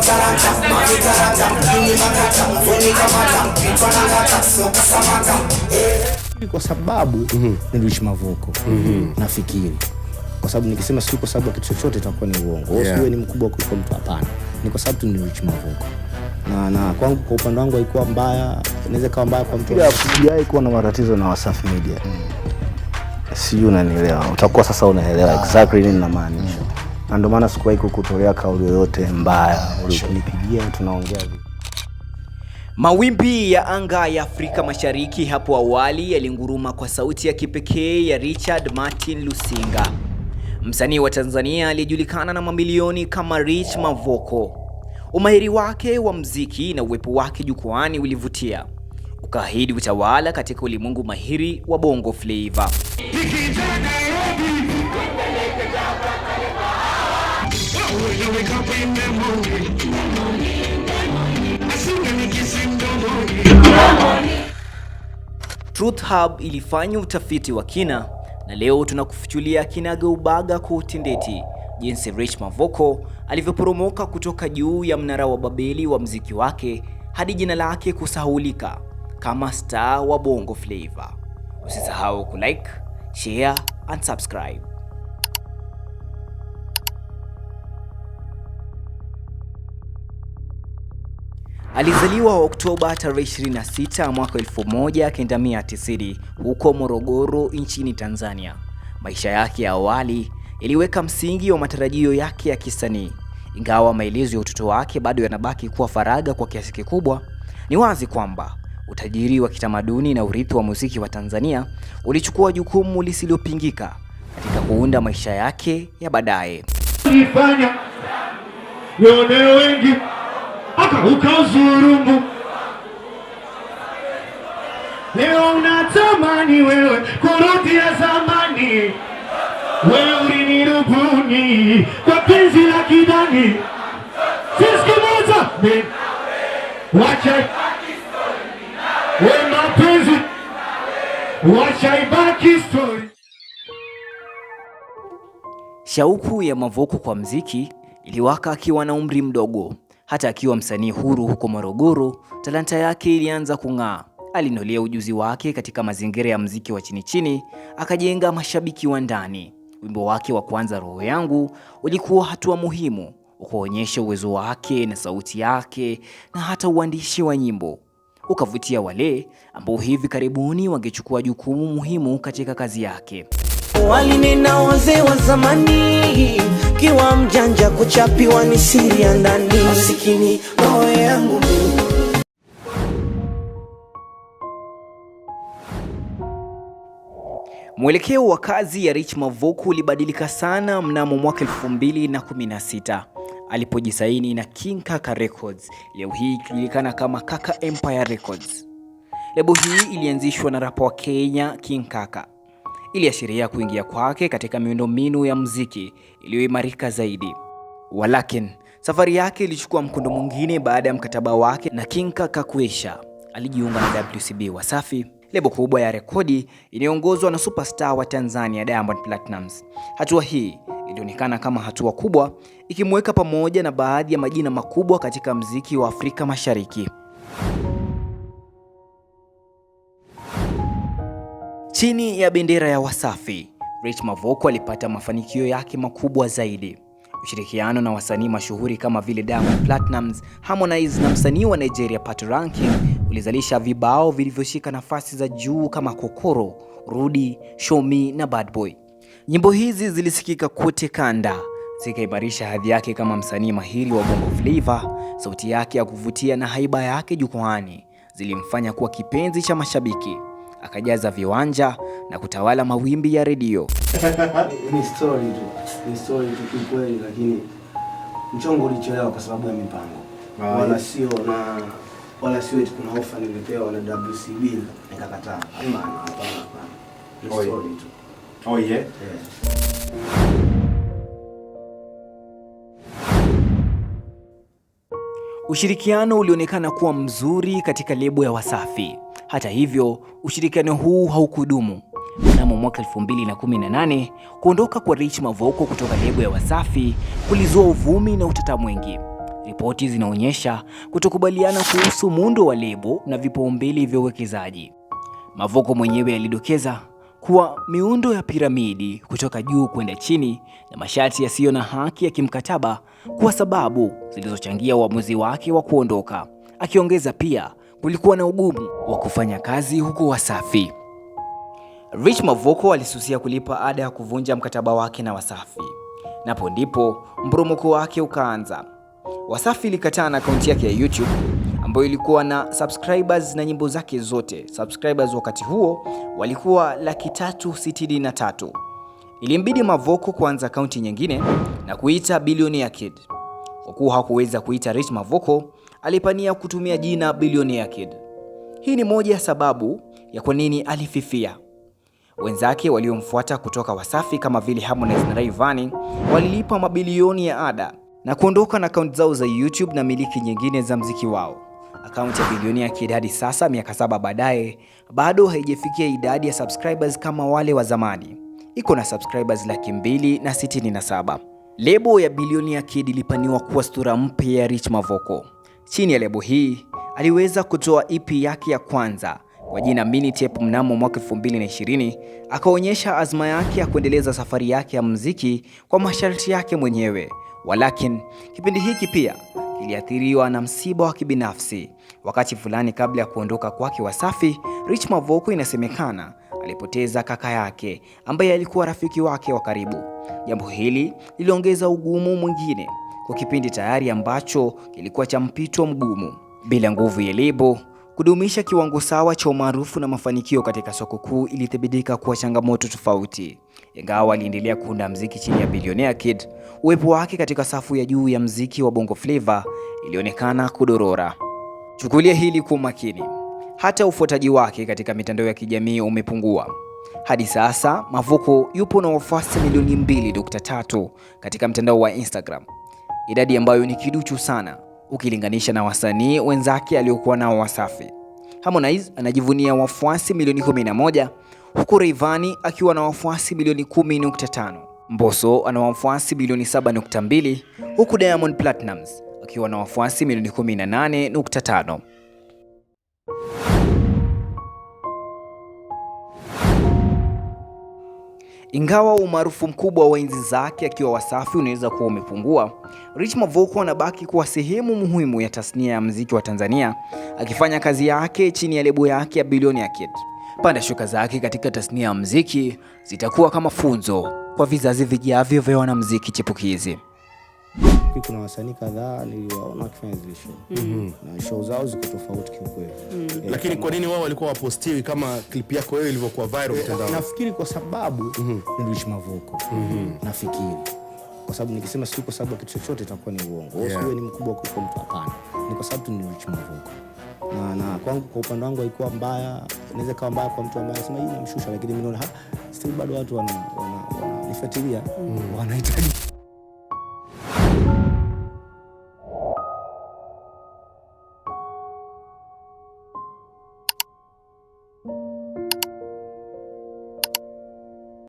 utaranta mami taranta mimi makata weni kamata kichwa na soka samata kwa sababu mm -hmm. niliishi Mavuko mm -hmm. nafikiri kwa sababu nikisema sijui kwa sababu kitu chochote itakuwa ni uongo yeah. Sijui ni mkubwa kuliko mtu, hapana, ni kwa sababu tu niliishi Mavuko na na kwangu, kwa upande wangu haikuwa mbaya, inaweza kawa mbaya kwa mtu. yeah, Sijawahi kuwa na matatizo na Wasafi Media mm. Sijui unanielewa, utakuwa sasa unaelewa ah. exactly nini namaanisha mm na ndio maana sikuwahi kukutolea kauli yoyote mbaya, ulinipigia tunaongea Mawimbi ya anga ya Afrika Mashariki hapo awali yalinguruma kwa sauti ya kipekee ya Richard Martin Lusinga, msanii wa Tanzania aliyejulikana na mamilioni kama Rich Mavoko. Umahiri wake wa mziki na uwepo wake jukwaani ulivutia, ukaahidi utawala katika ulimwengu mahiri wa Bongo Flava. Truth Hub ilifanya utafiti wa kina na leo tunakufichulia kinagaubaga kwa utendeti jinsi Rich Mavoko alivyoporomoka kutoka juu ya mnara wa Babeli wa mziki wake hadi jina lake kusahulika kama star wa Bongo Flava. Usisahau kulike, share and subscribe. Alizaliwa Oktoba tarehe 26 mwaka 1990 huko Morogoro nchini Tanzania. Maisha yake ya awali iliweka msingi wa matarajio yake ya kisanii. Ingawa maelezo ya utoto wake bado yanabaki kuwa faraga kwa kiasi kikubwa, ni wazi kwamba utajiri wa kitamaduni na urithi wa muziki wa Tanzania ulichukua jukumu lisilopingika katika kuunda maisha yake ya baadaye. nione wengi ukazurumbu Leo unatamani wewe ya zamani, wewe ulinirubuni kwa penzi la kidani sisikumoza wacha we mapenzi wacha ibaki story. Shauku ya Mavoko kwa mziki iliwaka akiwa na umri mdogo. Hata akiwa msanii huru huko Morogoro, talanta yake ilianza kung'aa. Alinolea ujuzi wake katika mazingira ya mziki wa chini chini, akajenga mashabiki wa ndani. Wimbo wake wa kwanza Roho Yangu ulikuwa hatua muhimu kuonyesha uwezo wake na sauti yake na hata uandishi wa nyimbo. Ukavutia wale ambao hivi karibuni wangechukua jukumu muhimu katika kazi yake. Walinena wazee wa zamani ukiwa mjanja kuchapiwa ni siri ya ndani, masikini mawe yangu Mwelekeo wa kazi ya Rich Mavoko ulibadilika sana mnamo mwaka 2016 alipojisaini na King Kaka Records, leo hii ikijulikana kama Kaka Empire Records. Lebo hii ilianzishwa na rapa wa Kenya King Kaka iliashiria kuingia kwake katika miundombinu ya muziki iliyoimarika zaidi. Walakin, safari yake ilichukua mkondo mwingine baada ya mkataba wake na Kinka Kakuisha. Alijiunga na WCB Wasafi, lebo kubwa ya rekodi inayoongozwa na superstar wa Tanzania Diamond Platnumz. Hatua hii ilionekana kama hatua kubwa, ikimweka pamoja na baadhi ya majina makubwa katika mziki wa Afrika Mashariki. Chini ya bendera ya Wasafi, Rich Mavoko alipata mafanikio yake makubwa zaidi. Ushirikiano na wasanii mashuhuri kama vile Diamond Platnumz, Harmonize na msanii wa Nigeria Pat Ranking ulizalisha vibao vilivyoshika nafasi za juu kama Kokoro, Rudi, Show Me na Bad Boy. Nyimbo hizi zilisikika kote kanda, zikaimarisha hadhi yake kama msanii mahiri wa Bongo Flava. Sauti yake ya kuvutia na haiba yake jukwaani zilimfanya kuwa kipenzi cha mashabiki akajaza viwanja na kutawala mawimbi ya redio. Ni story tu, ni story tu kweli, lakini mchongo ulichelewa kwa sababu ya mipango, wala sio na wala sio eti kuna ofa nilipewa na WCB nikakataa. Hapana, hapana, ni story tu. Oh yeah. yeah. Ushirikiano ulionekana kuwa mzuri katika lebo ya Wasafi. Hata hivyo, ushirikiano huu haukudumu. Mnamo mwaka 2018 kuondoka kwa Rich Mavoko kutoka lebo ya Wasafi kulizua uvumi na utata mwingi. Ripoti zinaonyesha kutokubaliana kuhusu muundo wa lebo na vipaumbele vya uwekezaji. Mavoko mwenyewe alidokeza kuwa miundo ya piramidi kutoka juu kwenda chini na masharti yasiyo na haki ya kimkataba kuwa sababu zilizochangia uamuzi wake wa kuondoka, akiongeza pia kulikuwa na ugumu wa kufanya kazi huko Wasafi. Rich Mavoko alisusia kulipa ada ya kuvunja mkataba wake na Wasafi, napo ndipo mporomoko wake ukaanza. Wasafi ilikataa na akaunti yake ya YouTube ambayo ilikuwa na subscribers na nyimbo zake zote. Subscribers wakati huo walikuwa laki tatu sitini na tatu. Ilimbidi Mavoko kuanza akaunti nyingine na kuita Billionaire Kid. Kwa kuwa hakuweza kuita Rich Mavoko, alipania kutumia jina Billionaire Kid. Hii ni moja ya sababu ya kwa nini alififia. Wenzake waliomfuata kutoka Wasafi kama vile Harmonize na Rayvanny walilipa mabilioni ya ada na kuondoka na akaunti zao za YouTube na miliki nyingine za mziki wao. Akaunti ya Billionaire Kid hadi sasa miaka saba baadaye bado haijafikia idadi ya subscribers kama wale wa zamani. Iko na subscribers laki mbili na sitini na saba. Lebo ya Billionaire Kid ilipaniwa kuwa sura mpya ya Rich Mavoko. Chini ya lebo hii aliweza kutoa EP yake ya kwanza kwa jina Minitape mnamo mwaka 2020, akaonyesha azma yake ya kuendeleza safari yake ya muziki kwa masharti yake mwenyewe. Walakin kipindi hiki pia kiliathiriwa na msiba wa kibinafsi. Wakati fulani kabla ya kuondoka kwake Wasafi, Rich Mavoko inasemekana alipoteza kaka yake ambaye alikuwa rafiki wake wa karibu. Jambo hili liliongeza ugumu mwingine kwa kipindi tayari ambacho kilikuwa cha mpito mgumu. Bila nguvu ya lebo kudumisha kiwango sawa cha umaarufu na mafanikio katika soko kuu ilithibitika kuwa changamoto tofauti. Ingawa aliendelea kuunda mziki chini ya Billionaire Kid, uwepo wake katika safu ya juu ya mziki wa Bongo Flava ilionekana kudorora. Chukulia hili kwa makini, hata ufuataji wake katika mitandao ya kijamii umepungua. Hadi sasa Mavuko yupo na wafuasi milioni 2.3 katika mtandao wa Instagram idadi ambayo ni kiduchu sana ukilinganisha na wasanii wenzake aliokuwa nao Wasafi. Harmonize anajivunia wafuasi milioni 11 huku Rayvanny akiwa na wafuasi milioni 10.5. Mbosso ana wafuasi milioni 7.2 huku Diamond Platnumz akiwa na wafuasi milioni 18.5. Ingawa umaarufu mkubwa wa enzi zake akiwa Wasafi unaweza kuwa umepungua, Rich Mavoko anabaki kuwa sehemu muhimu ya tasnia ya mziki wa Tanzania, akifanya kazi yake chini ya lebo yake ya Billionaire Kid. Panda shuka zake katika tasnia ya mziki zitakuwa kama funzo kwa vizazi vijavyo vya wanamziki chipukizi. Pia kuna wasanii kadhaa niliwaona wakifanya zile show mm -hmm. na show zao ziko tofauti kiukweli mm -hmm. lakini kwa nini wao walikuwa wapostiwi kama clip yako wewe ilivyokuwa viral eh, mtandaoni? Nafikiri kwa sababu mm -hmm. Mavoko mm -hmm. nafikiri kwa sababu nikisema sio kwa sababu kitu chochote itakuwa ni uongo. Yeah. Wewe ni mkubwa kuliko mtu, hapana. Ni kwa sababu tu Mavoko. Na na kwangu kwa upande wangu haikuwa mbaya. Inaweza kawa mbaya kwa mtu ambaye anasema hii inamshusha, lakini mimi naona ah, still bado watu wana, wana, wana, mhm. wana